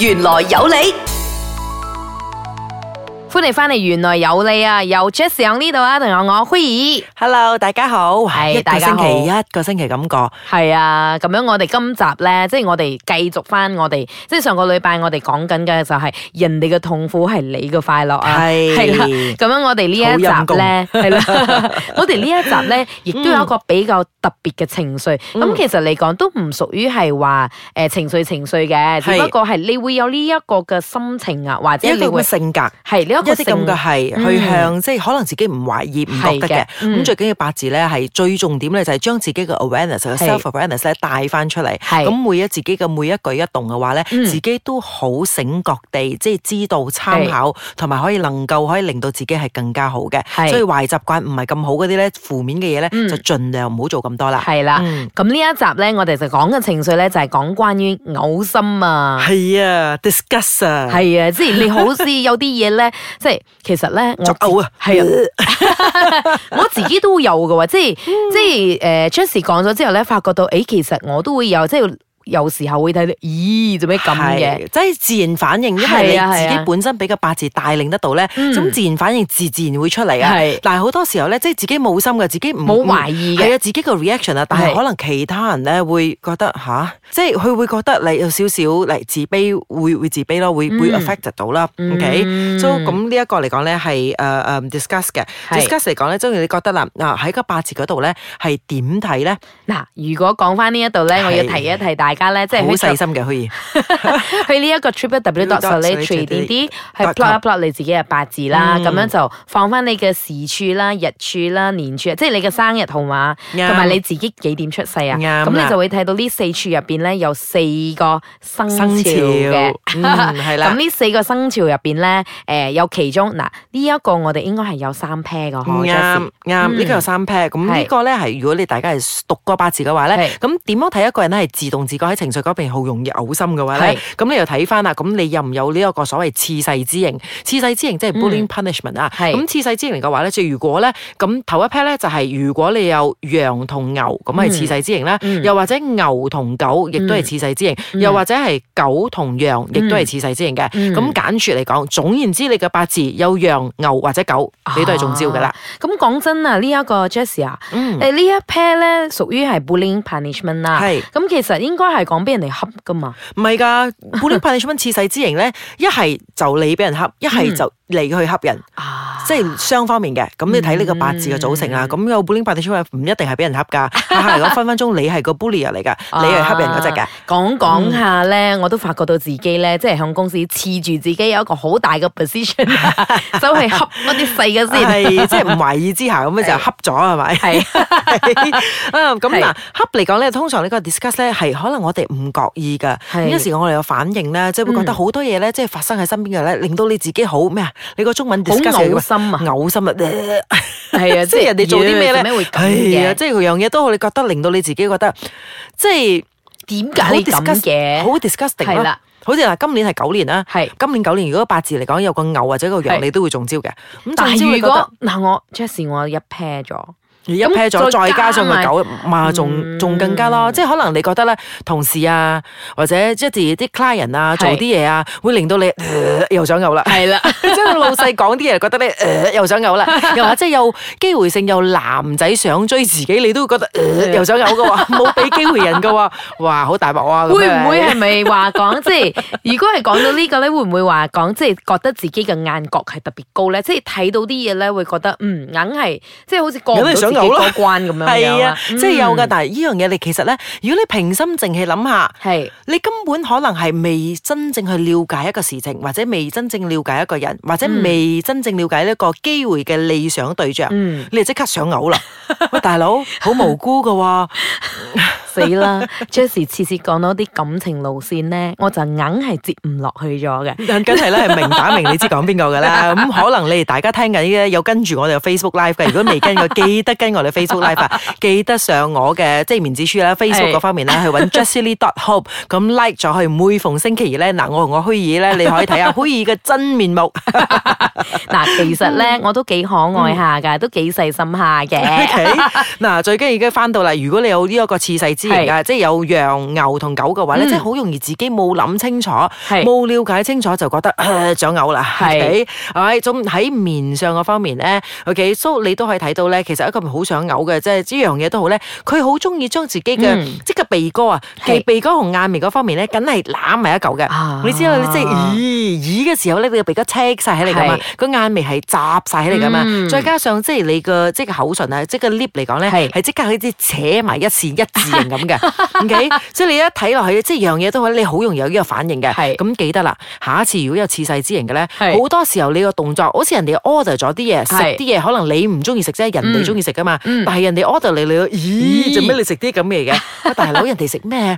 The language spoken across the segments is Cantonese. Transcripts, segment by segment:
玄來有理。歡迎翻嚟，原來有你啊，由 Jess 上呢度啊，仲有我灰姨。Hello，大家好，係一個星期一個星期咁過，係啊。咁樣我哋今集咧，即係我哋繼續翻我哋，即係上個禮拜我哋講緊嘅就係人哋嘅痛苦係你嘅快樂啊，係啦。咁樣我哋呢一集咧，係啦，我哋呢一集咧，亦都有一個比較特別嘅情緒。咁其實嚟講都唔屬於係話誒情緒情緒嘅，只不過係你會有呢一個嘅心情啊，或者你個性格係一啲咁嘅係去向，即係可能自己唔懷疑、唔覺得嘅。咁最緊要八字咧，係最重點咧，就係將自己嘅 awareness、self-awareness 咧帶翻出嚟。咁每一自己嘅每一舉一動嘅話咧，自己都好醒覺地，即係知道參考，同埋可以能夠可以令到自己係更加好嘅。所以壞習慣唔係咁好嗰啲咧，負面嘅嘢咧就盡量唔好做咁多啦。係啦，咁呢一集咧，我哋就講嘅情緒咧，就係講關於嘔心啊。係啊，disgust 啊。係啊，即係你好似有啲嘢咧。即係其實咧，我，係啊，的 我自己都會有嘅喎，即係 即係，誒、呃，張氏講咗之後呢，發覺到，欸、其實我都會有，即係。有時候會睇到，咦，做咩咁嘅？即係自然反應，因為你自己本身俾個八字帶領得到咧，咁自然反應自自然會出嚟。係，但係好多時候咧，即係自己冇心嘅，自己唔冇懷疑嘅，係啊，自己個 reaction 啊，但係可能其他人咧會覺得吓，即係佢會覺得你有少少嚟自卑，會會自卑咯，會會 affected 到啦。OK，so 咁呢一個嚟講咧係誒誒 discuss 嘅，discuss 嚟講咧，即係你覺得啦，啊喺個八字嗰度咧係點睇咧？嗱，如果講翻呢一度咧，我要提一提大。大家咧，即係好細心嘅，可以去呢一個 Triple W Double Three D D，係 plot 一 plot 你自己嘅八字啦，咁樣就放翻你嘅時柱啦、日柱啦、年柱，即係你嘅生日號碼同埋你自己幾點出世啊？啱，咁你就會睇到呢四柱入邊咧有四個生肖嘅，係咁呢四個生肖入邊咧，誒有其中嗱呢一個，我哋應該係有三 pair 嘅，啱啱呢個有三 pair。咁呢個咧係如果你大家係讀過八字嘅話咧，咁點樣睇一個人咧係自動自個喺情緒嗰邊好容易嘔心嘅話咧，咁你又睇翻啦。咁你又唔有呢一個所謂次世之刑？「次世之刑」即係 bullying punishment 啊。咁次世之刑嘅話咧，即係如果咧，咁頭一 pair 咧就係如果你有羊同牛，咁係次世之刑啦，又或者牛同狗，亦都係次世之刑，又或者係狗同羊，亦都係次世之刑嘅。咁簡絕嚟講，總言之，你嘅八字有羊、牛或者狗，你都係中招嘅啦。咁講真啊，呢一個 Jessica，誒呢一 pair 咧屬於係 bullying punishment 啦。咁其實應該。都係講俾人哋恰噶嘛？唔係噶，《 本列塔尼》出翻刺世之刑咧，一係就你俾人恰，一係就你去恰人。嗯啊即係雙方面嘅，咁你睇呢個八字嘅組成啊，咁個 bully 八字出嚟唔一定係俾人恰噶，但係如果分分鐘你係個 bully 嚟噶，你係恰人嗰隻嘅。講講下咧，我都發覺到自己咧，即係向公司刺住自己有一個好大嘅 position，都係恰嗰啲細嘅先，即係唔懷疑之下咁咧就恰咗係咪？係咁嗱恰嚟講咧，通常呢個 discuss 咧係可能我哋唔覺意嘅，有時我哋有反應咧，即係會覺得好多嘢咧，即係發生喺身邊嘅咧，令到你自己好咩啊？你個中文 discuss 心嘔心啊，係啊，即係人哋做啲咩咧？係啊，即係佢樣嘢都，好。你覺得令到你自己覺得，即係點解好感好 disgusting 啦，好似嗱，今年係九年啦，係今年九年，如果八字嚟講有個牛或者個羊，你都會中招嘅。咁但係如果嗱，我 Jess 我一 pair 咗。一 pair 咗，再加上個狗嘛，仲仲更加咯，即係可能你覺得咧，同事啊，或者即係啲啲 client 啊，做啲嘢啊，會令到你又想嘔啦，係啦，即係老細講啲嘢，覺得咧，又想嘔啦，又或者係有機會性，又男仔想追自己，你都會覺得又想嘔嘅話，冇俾機會人嘅話，哇，好大鑊哇，會唔會係咪話講即係如果係講到呢個咧，會唔會話講即係覺得自己嘅眼角係特別高咧？即係睇到啲嘢咧，會覺得嗯，硬係即係好似過幾過關咁樣樣啊，嗯、即係有噶。但係呢樣嘢你其實咧，如果你平心靜氣諗下，是你根本可能係未真正去了解一個事情，或者未真正了解一個人，或者未真正了解一個機會嘅理想對象，嗯、你即刻想嘔啦！ 喂，大佬，好無辜噶喎、啊。 死啦！Jessie 次次講到啲感情路綫咧，我就硬係接唔落去咗嘅。梗係咧，係明打明你知講邊個噶啦。咁可能你哋大家聽緊咧，有跟住我哋嘅 Facebook Live 嘅。如果未跟過，記得跟我哋 Facebook Live，啊，記得上我嘅即係面子書啦，Facebook 嗰 方面啦，hope, like、去揾 Jessily e c o m 咁 like 就可每逢星期二咧，嗱我同我虛擬咧，你可以睇下虛擬嘅真面目。嗱， 其實咧我都幾可愛下噶，嗯、都幾細心下嘅。嗱、okay？最緊要而家翻到嚟，如果你有呢一個次細。即係有羊、牛同狗嘅話咧，即係好容易自己冇諗清楚，冇了解清楚就覺得啊想嘔啦，係咪？咁喺面上嘅方面咧，OK，So 你都可以睇到咧，其實一個好想嘔嘅，即係呢樣嘢都好咧，佢好中意將自己嘅即個鼻哥啊，鼻哥同眼眉嗰方面咧，梗係攬埋一嚿嘅。你知道即係咦耳嘅時候咧，你個鼻哥擷晒起嚟㗎嘛，個眼眉係擸晒起嚟㗎嘛，再加上即係你個即個口唇啊，即個 lip 嚟講咧，係即刻好似扯埋一線一線。咁嘅、 嗯、，OK，即係你一睇落去，即係樣嘢都好，你好容易有呢個反應嘅。係是，咁記得啦，下一次如果有恃勢之刑嘅咧，好是多時候你個動作，好似人哋 order 咗啲嘢，食啲嘢，可能你唔中意食啫，人哋中意食噶嘛。嗯、但係人哋 order 你你咦，做咩你食啲咁嘅嘢嘅？大佬，人哋食咩？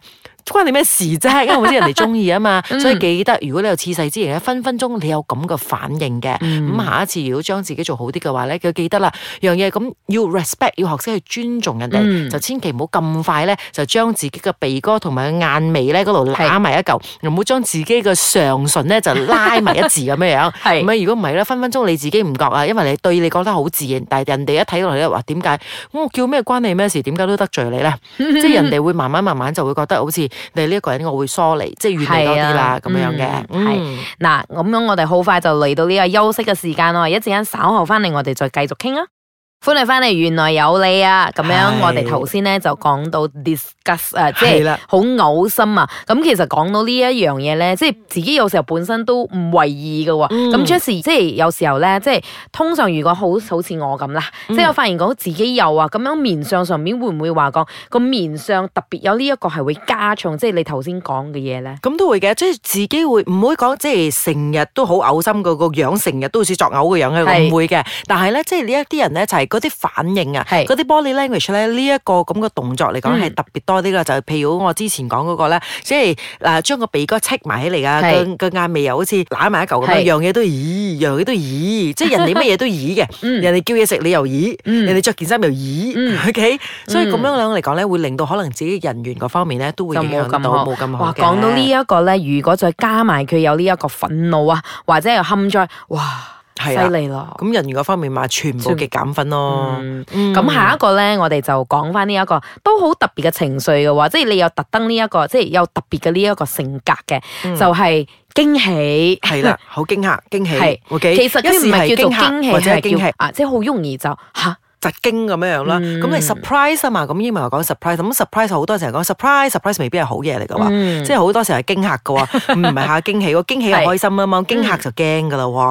關你咩事啫？因為我知人哋中意啊嘛， 嗯、所以記得如果你有次世之餘咧，分分鐘你有咁嘅反應嘅。咁、嗯、下一次如果將自己做好啲嘅話咧，就記得啦樣嘢，咁要 respect，要學識去尊重人哋、嗯，就千祈唔好咁快咧，就將自己嘅鼻哥同埋眼眉咧嗰度打埋一嚿，又唔好將自己嘅上唇咧就拉埋一字咁樣。咁 是如果唔係咧，分分鐘你自己唔覺啊，因為你對你覺得好自然，但人、哦、係人哋一睇落嚟咧，話點解我叫咩關你咩事？點解都得罪你咧？即係 人哋會慢慢慢慢就會覺得好似。你呢一個人我會疏離，即係遠離多啲啦，咁、啊、樣樣嘅。係嗱、嗯，咁樣我哋好快就嚟到呢個休息嘅時間咯，一陣間稍後翻嚟我哋再繼續傾啊。歡迎翻嚟，原來有你啊！咁樣我哋頭先咧就講到 discuss，誒的，即係好嘔心啊！咁其實講到呢一樣嘢咧，即係自己有時候本身都唔為意噶，咁有時即係有時候咧，即係通常如果好好似我咁啦，嗯、即係我發現講自己有啊，咁樣面相上面會唔會話講個面相特別有呢一個係會加重，即係你頭先講嘅嘢咧？咁都會嘅，即係自己會唔會講，即係成日都好嘔心個個樣，成日都好似作嘔嘅樣嘅，唔會嘅。但係咧，即係呢一啲人咧就係、是。嗰啲反應啊，嗰啲 body language 咧，呢一個咁嘅動作嚟講係特別多啲啦。就譬如我之前講嗰個咧，即係嗱，將個鼻哥擸埋起嚟啊，個眼眉又好似揦埋一嚿咁樣，樣嘢都咦，樣嘢都咦，即係人哋乜嘢都咦嘅，人哋叫嘢食你又咦，人哋着件衫又咦，O K，所以咁樣樣嚟講咧，會令到可能自己人緣嗰方面咧都會影響到冇咁好。哇，講到呢一個咧，如果再加埋佢有呢一個憤怒啊，或者又堪哉。哇！犀利咯，咁人緣嗰方面嘛，全部嘅減分咯。咁、嗯嗯、下一個咧，我哋就講翻呢一個都好特別嘅情緒嘅話，即係你有特登呢一個，即係有特別嘅呢一個性格嘅，就係驚喜。係啦，好驚吓，驚喜係，其實呢啲唔係叫做驚喜，即係驚喜啊，即係好容易就嚇。突驚咁樣樣啦，咁你 surprise 啊嘛，咁英文話講 surprise，咁 surprise 好多時候講 surprise，surprise 未必係好嘢嚟嘅喎，即係好多時係驚嚇嘅喎，唔係嚇驚喜，個驚喜係開心啊嘛，驚嚇就驚嘅啦喎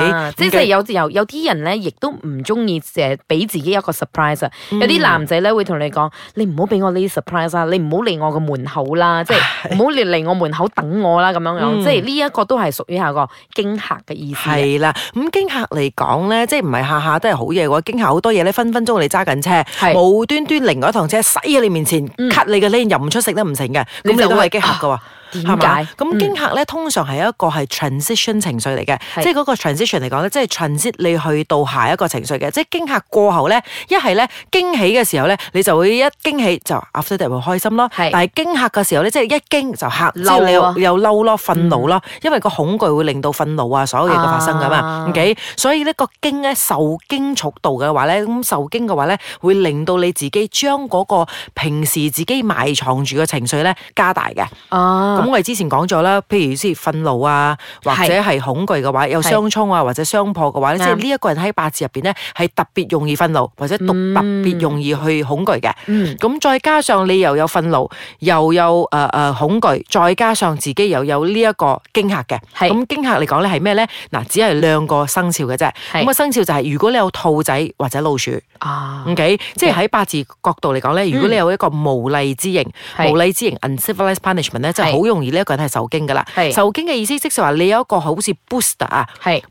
，OK，即係有有有啲人咧，亦都唔中意誒俾自己一個 surprise，有啲男仔咧會同你講，你唔好俾我呢啲 surprise 啊，你唔好嚟我個門口啦，即係唔好嚟嚟我門口等我啦咁樣樣，即係呢一個都係屬於下個驚嚇嘅意思。係啦，咁驚嚇嚟講咧，即係唔係下下都係好嘢嘅喎，驚嚇好多嘢咧。分分鐘你揸緊車，是無端端另一趟車駛喺你面前，cut、嗯、你嘅 lane，又唔出食都唔成嘅，咁你，你都係驚嚇嘅。啊係嘛？咁驚嚇咧，通常係一個係 transition 情緒嚟嘅是，即係嗰個 transition 嚟講咧，即係你去到下一個情緒嘅，即係驚嚇過後咧，一係咧驚喜嘅時候咧，你就會一驚喜就 after that 會開心咯。是但係驚嚇嘅時候咧，即係一驚就嚇，了你又嬲咯，憤怒咯，嗯、因為個恐懼會令到憤怒啊，所有嘢嘅發生㗎嘛。啊 okay? 所以呢個驚咧，受驚速度嘅話咧，咁受驚嘅話咧，會令到你自己將嗰個平時自己埋藏住嘅情緒咧加大嘅。啊咁我哋之前講咗啦，譬如先憤怒啊，或者係恐懼嘅話，有相衝啊，或者相破嘅話咧，即係呢一個人喺八字入邊咧，係特別容易憤怒，或者特別容易去恐懼嘅。咁再加上你又有憤怒，又有誒誒恐懼，再加上自己又有呢一個驚嚇嘅。咁驚嚇嚟講咧係咩咧？嗱，只係兩個生肖嘅啫。咁個生肖就係如果你有兔仔或者老鼠。啊，OK，即係喺八字角度嚟講咧，如果你有一個無禮之刑，無禮之刑。uncivilised punishment 咧，真係好。好容易呢一個人係受驚噶啦，受驚嘅意思即係話你有一個好似 booster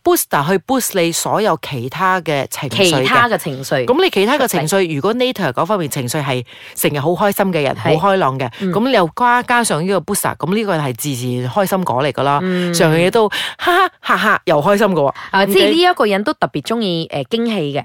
booster 去 boost 你所有其他嘅情緒嘅情緒。咁你其他嘅情緒，如果 nature 嗰方面情緒係成日好開心嘅人，好開朗嘅，咁你又加加上呢個 booster，咁呢個係自然開心果嚟噶啦。常嘢都哈哈又開心嘅喎。即係呢一個人都特別中意誒驚喜嘅。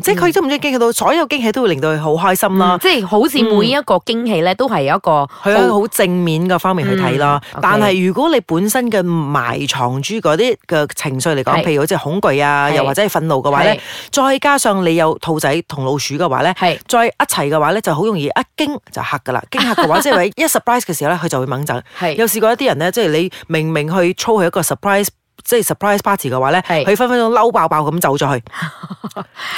即係佢都唔知驚喜到所有驚喜都會令到佢好開心啦。即係好似每一個驚喜咧，都係有一個係好正面嘅方面。係咯，嗯、但係如果你本身嘅埋藏住嗰啲嘅情緒嚟講，是譬如好似恐懼啊，是又或者係憤怒嘅話咧，是再加上你有兔仔同老鼠嘅話咧，是再一齊嘅話咧，就好容易一驚就嚇噶啦， 驚嚇嘅話即係一 surprise 嘅時候咧，佢 就會掹走。是有試過一啲人咧，即、就、係、是、你明明，明去操佢一個 surprise。即係 surprise party 嘅話咧，佢分分鐘嬲爆爆咁走咗去，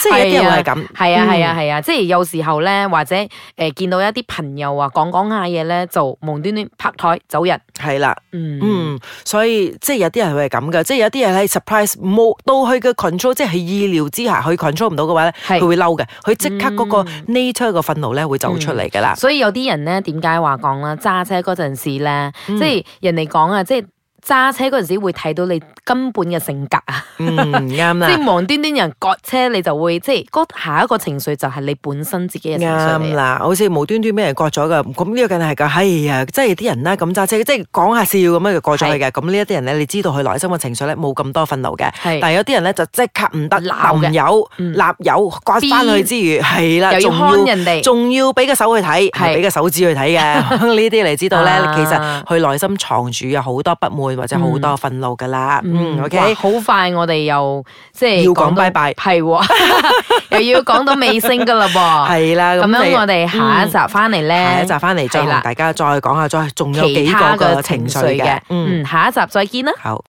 即係有啲人係咁，係啊係啊係啊，即係有時候咧或者誒見到一啲朋友啊講講下嘢咧，就無端端拍台走人，係啦，嗯，所以即係有啲人係咁嘅。即係有啲人喺 surprise 冇到佢嘅 control，即係意料之下佢 control 唔到嘅話咧，佢會嬲嘅，佢即刻嗰個 nature 個憤怒咧會走出嚟噶啦，所以有啲人咧點解話講啦，揸車嗰陣時咧，即係人哋講啊，即係。揸車嗰陣時會睇到你根本嘅性格啊，嗯，啱啦，即係無端端人割車，你就會即係嗰下一個情緒就係你本身自己嘅情緒嚟。啱啦，好似無端端俾人割咗噶，咁呢個梗係噶，係啊，即係啲人咧咁揸車，即係講下笑咁樣割咗佢嘅，咁呢一啲人咧，你知道佢內心嘅情緒咧冇咁多憤怒嘅，但係有啲人咧就即刻唔得，男友、男友割翻去之餘，係啦，仲要仲要俾個手去睇，唔俾個手指去睇嘅，呢啲你知道咧，其實佢內心藏住有好多不滿。或者好多憤怒噶啦，嗯，OK，好快我哋又即係要講拜拜，係又要講到尾聲噶啦噃，係啦，咁樣我哋下一集翻嚟咧，下一集翻嚟再同大家再講下，再仲有幾個嘅情緒嘅，嗯，下一集再見啦，好。